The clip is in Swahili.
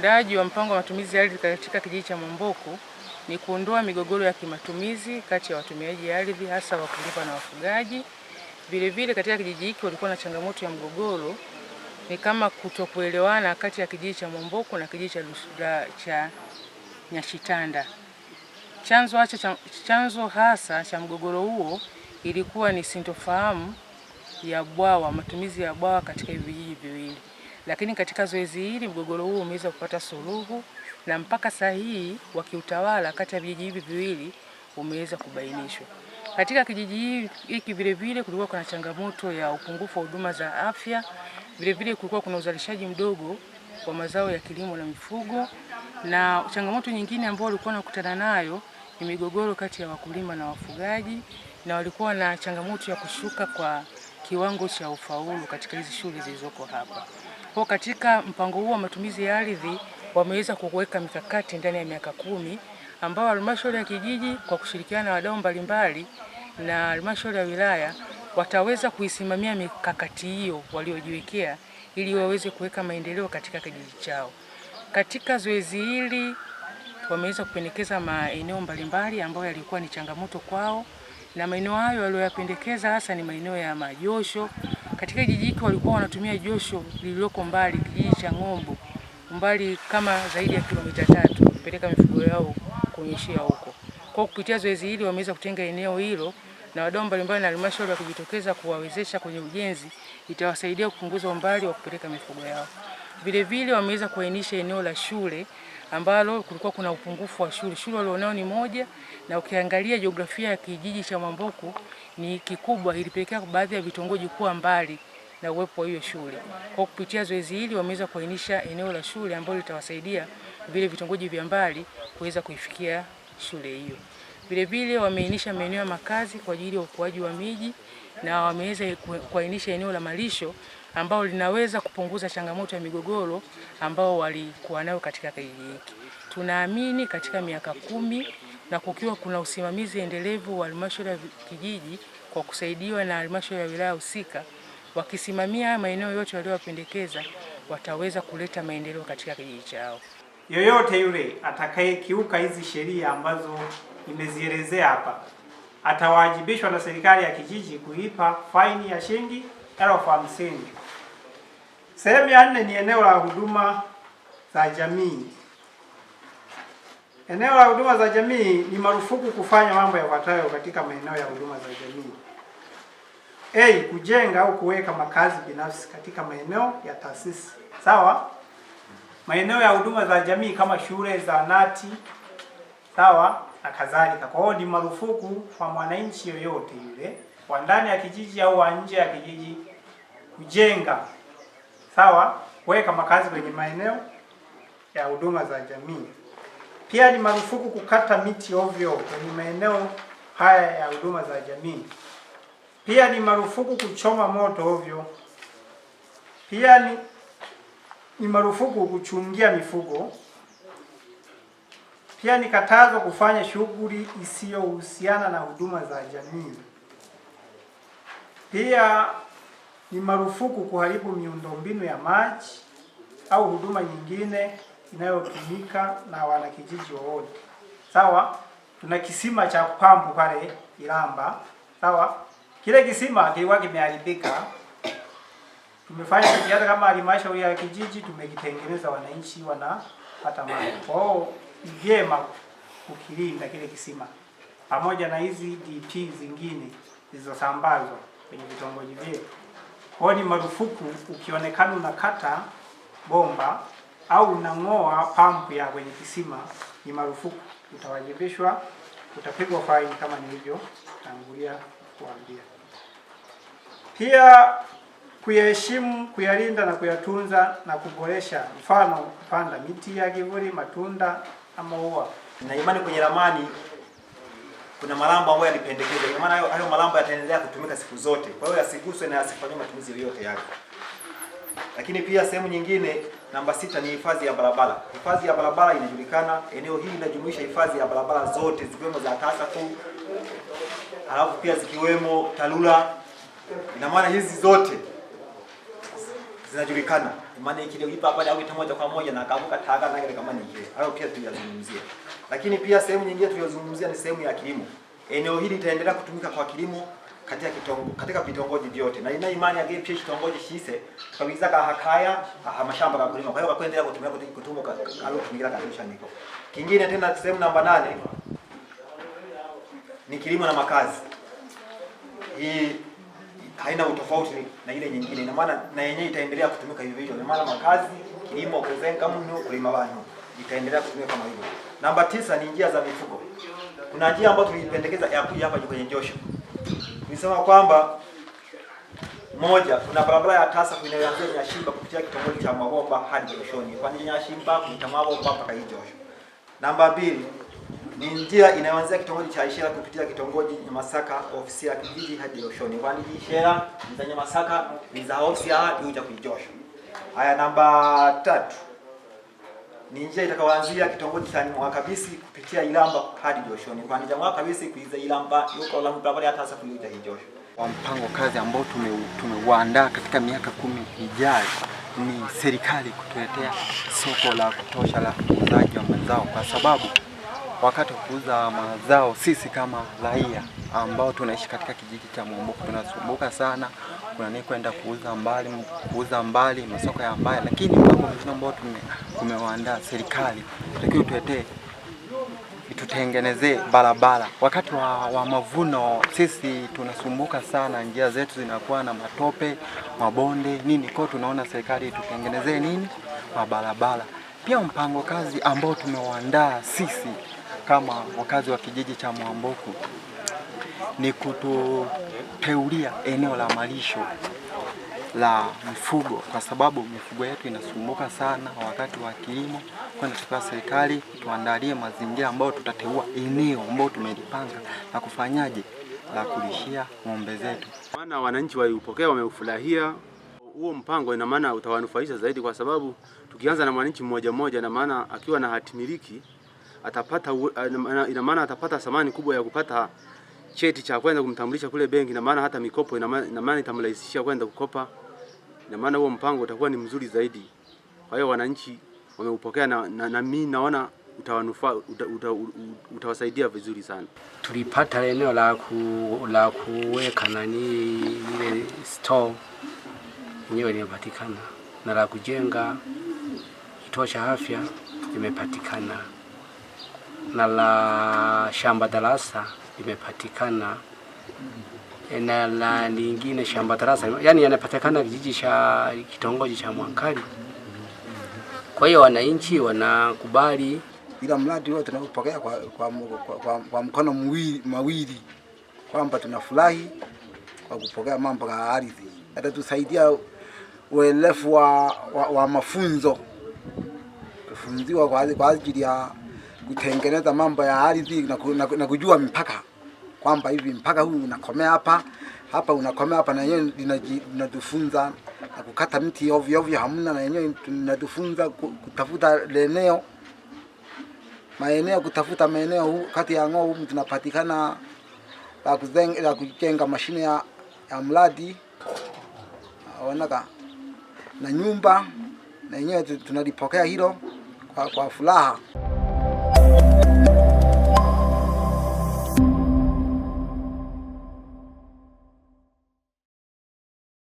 uandaaji wa mpango wa matumizi ya ardhi katika kijiji cha Momboku ni kuondoa migogoro ya kimatumizi kati ya watumiaji ardhi hasa wakulima na wafugaji. Vilevile katika kijiji hiki walikuwa na changamoto ya mgogoro, ni kama kutokuelewana kati ya kijiji cha Momboku na kijiji cha, cha Nyashitanda. Chanzo hasa, chanzo hasa cha mgogoro huo ilikuwa ni sintofahamu ya bwawa, matumizi ya bwawa katika vijiji viwili lakini katika zoezi hili mgogoro huu umeweza kupata suluhu na mpaka saa hii wa kiutawala kati ya vijiji hivi viwili umeweza kubainishwa. Katika kijiji hiki vilevile kulikuwa kuna changamoto ya upungufu wa huduma za afya, vilevile kulikuwa kuna uzalishaji mdogo wa mazao ya kilimo na mifugo, na changamoto nyingine ambayo walikuwa wanakutana nayo ni migogoro kati ya wakulima na wafugaji, na walikuwa na changamoto ya kushuka kwa kiwango cha ufaulu katika hizi shule zilizoko hapa. Kwa katika mpango huu wa matumizi ya ardhi wameweza kuweka mikakati ndani ya miaka kumi ambao halmashauri ya kijiji kwa kushirikiana na wadau mbalimbali na halmashauri ya wilaya wataweza kuisimamia mikakati hiyo waliojiwekea ili waweze kuweka maendeleo katika kijiji chao. Katika zoezi hili wameweza kupendekeza maeneo mbalimbali ambayo yalikuwa ni changamoto kwao, na maeneo hayo walioyapendekeza hasa ni maeneo ya majosho katika kijiji hiki walikuwa wanatumia josho lililoko mbali, kijiji cha Ng'ombo, umbali kama zaidi ya kilomita tatu kupeleka mifugo yao kuonyeshea huko. Kwa kupitia zoezi hili wameweza kutenga eneo hilo na wadau mbalimbali na halmashauri wakijitokeza kuwawezesha kwenye ujenzi, itawasaidia kupunguza umbali wa kupeleka mifugo yao. Vilevile wameweza kuainisha eneo la shule ambalo kulikuwa kuna upungufu wa shule. Shule walionao ni moja, na ukiangalia jiografia ya kijiji cha Mwamboku ni kikubwa, ilipelekea baadhi ya vitongoji kuwa mbali na uwepo wa hiyo shule. Kwa kupitia zoezi hili wameweza kuainisha eneo la shule ambalo litawasaidia vile vitongoji vya mbali kuweza kuifikia shule hiyo. Vilevile wameainisha maeneo ya makazi kwa ajili ya ukuaji wa miji na wameweza kuainisha eneo la malisho ambao linaweza kupunguza changamoto ya migogoro ambao walikuwa nayo katika kijiji hiki. Tunaamini katika miaka kumi na kukiwa kuna usimamizi endelevu wa halmashauri ya kijiji kwa kusaidiwa na halmashauri ya wilaya husika, wakisimamia maeneo yote waliowapendekeza, wataweza kuleta maendeleo katika kijiji chao. Yoyote yule atakayekiuka hizi sheria ambazo nimezielezea hapa atawajibishwa na serikali ya kijiji kuipa faini ya shilingi elfu hamsini. Sehemu ya nne ni eneo la huduma za jamii. Eneo la huduma za jamii ni marufuku kufanya mambo yafuatayo katika maeneo ya huduma za jamii. A, kujenga au kuweka makazi binafsi katika maeneo ya taasisi. Sawa? Maeneo ya huduma za jamii kama shule, zahanati, sawa na kadhalika. Kwa hiyo ni marufuku kwa mwananchi yoyote yule wa ndani ya kijiji au wa nje ya kijiji kujenga sawa, kuweka makazi kwenye maeneo ya huduma za jamii. Pia ni marufuku kukata miti ovyo kwenye maeneo haya ya huduma za jamii. Pia ni marufuku kuchoma moto ovyo. Pia ni, ni marufuku kuchungia mifugo. Pia ni katazo kufanya shughuli isiyohusiana na huduma za jamii. Pia ni marufuku kuharibu miundombinu ya maji au huduma nyingine inayotumika na wanakijiji wowote. Sawa, tuna kisima cha pambu pale Iramba. Sawa, kile kisima kilikuwa kimeharibika. Tumefanya jitihada kama halmashauri ya kijiji, tumekitengeneza, wananchi wanapata maji. Kwa hiyo ni vyema kukilinda kile kisima pamoja na hizi DP zingine zilizosambazwa kwenye vitongoji vyetu. Kwa hiyo ni marufuku ukionekana unakata bomba au unang'oa pampu ya kwenye kisima, ni marufuku, utawajibishwa, utapigwa faini kama nilivyotangulia kuambia. Pia kuyaheshimu, kuyalinda na kuyatunza na kuboresha, mfano kupanda miti ya kivuli, matunda ama maua. Na imani kwenye ramani kuna malambo ambayo yalipendekezwa. Kwa maana hayo, malambo yataendelea kutumika siku zote, kwa hiyo yasiguswe na yasifanywe matumizi yoyote yake. Lakini pia sehemu nyingine namba sita ni hifadhi ya barabara. Hifadhi ya barabara inajulikana, eneo hili linajumuisha hifadhi ya barabara zote zikiwemo za tu, halafu pia zikiwemo TARURA. Ina maana hizi zote zinajulikana manikio ipa pale au kitu moja kwa moja na akavuka taka na kile kama nyingine. Hayo pia tuliyazungumzia. Lakini pia sehemu nyingine tuliyozungumzia ni sehemu ya kilimo. Eneo hili litaendelea kutumika kwa kilimo katika kitongo, katika vitongoji vyote. Na ina imani ya pia kitongoji shise kabiza ka hakaya ha ah, mashamba ya kulima. Kwa hiyo kwa kutumia kutumia kutumwa kwa kalo kuingia katika niko. Kingine tena sehemu namba nane ni kilimo na makazi. Hii haina utofauti na ile nyingine, ina maana na yenyewe itaendelea kutumika hivyo hivyo. Ina maana makazi, kilimo, kuzenga mno, kulima bano itaendelea kutumika kama hivyo. Namba tisa ni njia za mifugo. Kuna njia ambayo tulipendekeza ya kuja hapa kwenye josho, tulisema kwamba moja, kuna barabara ya tasa inayoanzia Nyashimba kupitia kitongoji cha Mabomba hadi Joshoni, kwa ya Nyashimba kupitia Mabomba mpaka hii josho. Namba mbili ni njia inayoanzia kitongoji cha Ishera kupitia kitongoji cha Masaka ofisi ya kijiji hadi Roshoni. Kwani Ishera ni za Nyamasaka ni za ofisi ya kuja kuijosha. Haya, namba tatu ni njia itakayoanzia kitongoji cha Mwakabisi kupitia Ilamba hadi Joshoni. Kwani cha Mwakabisi kuiza Ilamba yuko la mtabari hata sasa kuiita Joshoni. Kwa mpango kazi ambao tume tumeuandaa katika miaka kumi ijayo ni serikali kutuletea soko la kutosha la uuzaji wa mazao kwa sababu wakati wa kuuza mazao, sisi kama raia ambao tunaishi katika kijiji cha Mwambuko tunasumbuka sana, kuna nini kwenda kuuza mbali, kuuza mbali masoko ya mbali, lakini mambo mengine ambayo tumewaandaa serikali takiwa tuetee tutengenezee barabara wakati wa, wa mavuno. Sisi tunasumbuka sana, njia zetu zinakuwa na matope, mabonde nini, kwa tunaona serikali itutengenezee nini mabarabara. Pia mpango kazi ambao tumewaandaa sisi kama wakazi wa kijiji cha Mwamboku ni kututeulia eneo la malisho la mifugo kwa sababu mifugo yetu inasumbuka sana wakati wa kilimo, kwa serikali tuandalie mazingira ambayo tutateua eneo ambayo tumelipanga na kufanyaje la kulishia ng'ombe zetu. Maana wananchi waliupokea, wameufurahia huo mpango, ina maana utawanufaisha zaidi, kwa sababu tukianza na mwananchi mmoja mmoja, na maana akiwa na hatimiliki atapata, ina maana atapata thamani kubwa ya kupata cheti cha kwenda kumtambulisha kule benki. na maana hata mikopo, ina maana itamrahisishia kwenda kukopa. na maana huo mpango utakuwa ni mzuri zaidi. Kwa hiyo wananchi wameupokea na, na, na mimi naona utawanufaa uta, uta, utawasaidia vizuri sana. Tulipata eneo la ku, la kuweka nani ile store yenyewe limepatikana na la kujenga kituo cha afya limepatikana na la shamba darasa limepatikana na la lingine shamba darasa, yani yanapatikana kijiji cha kitongoji cha Mwankali. Kwa hiyo wananchi wanakubali ila mradi huo tunaupokea kwa, kwa, kwa, kwa, kwa mkono mawili kwamba tunafurahi kwa kupokea mambo ya ardhi. Atatusaidia uelefu wa, wa, wa mafunzo kufunziwa kwa ajili ya kutengeneza mambo ya ardhi na, na, na kujua mpaka kwamba hivi mpaka huu unakomea hapa hapa unakomea hapa, na yeye linatufunza na kukata mti ovyo ovyo hamna, na yeye linatufunza kutafuta eneo maeneo kutafuta maeneo kati ya ng'oo, huu tunapatikana la kujenga mashine ya, ya mradi aonaka na nyumba, na yenyewe tunalipokea hilo kwa, kwa furaha.